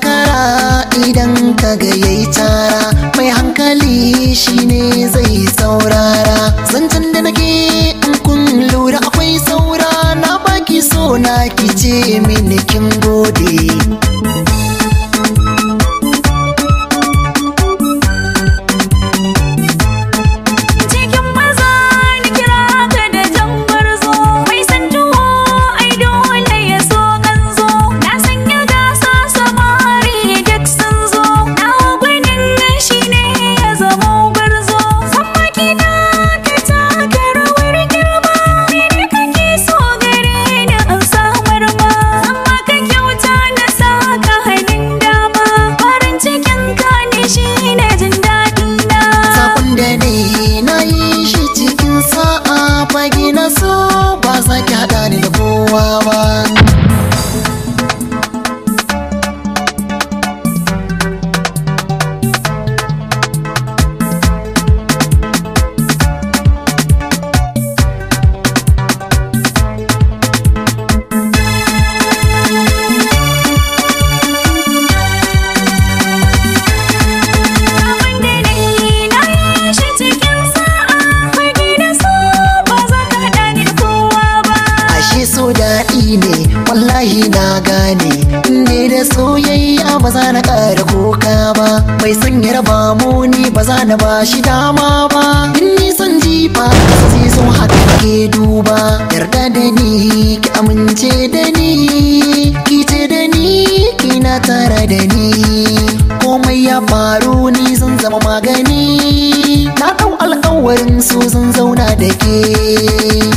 kara idan ka ga yayi tara mai hankali shine zai saurara zancen da nake in kun lura akwai saura na baki so na kice mini kin gode shi so daɗi ne wallahi na gane inda da soyayya ba za na ƙara kuka ba mai sanya yarba raba mu ni ba za na ba shi dama ba in nisan son jifa sai sun haka ke duba yarda da ni ki amince da ni ki ce da ni ki na tara da ni komai ya faru ni zan zama magani na ɗau alƙawarin su zan zauna da ke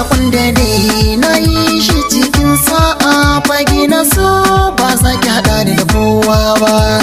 sakon da dai na yi shi cikin sa'a fage na so ba sake haɗa da kowa ba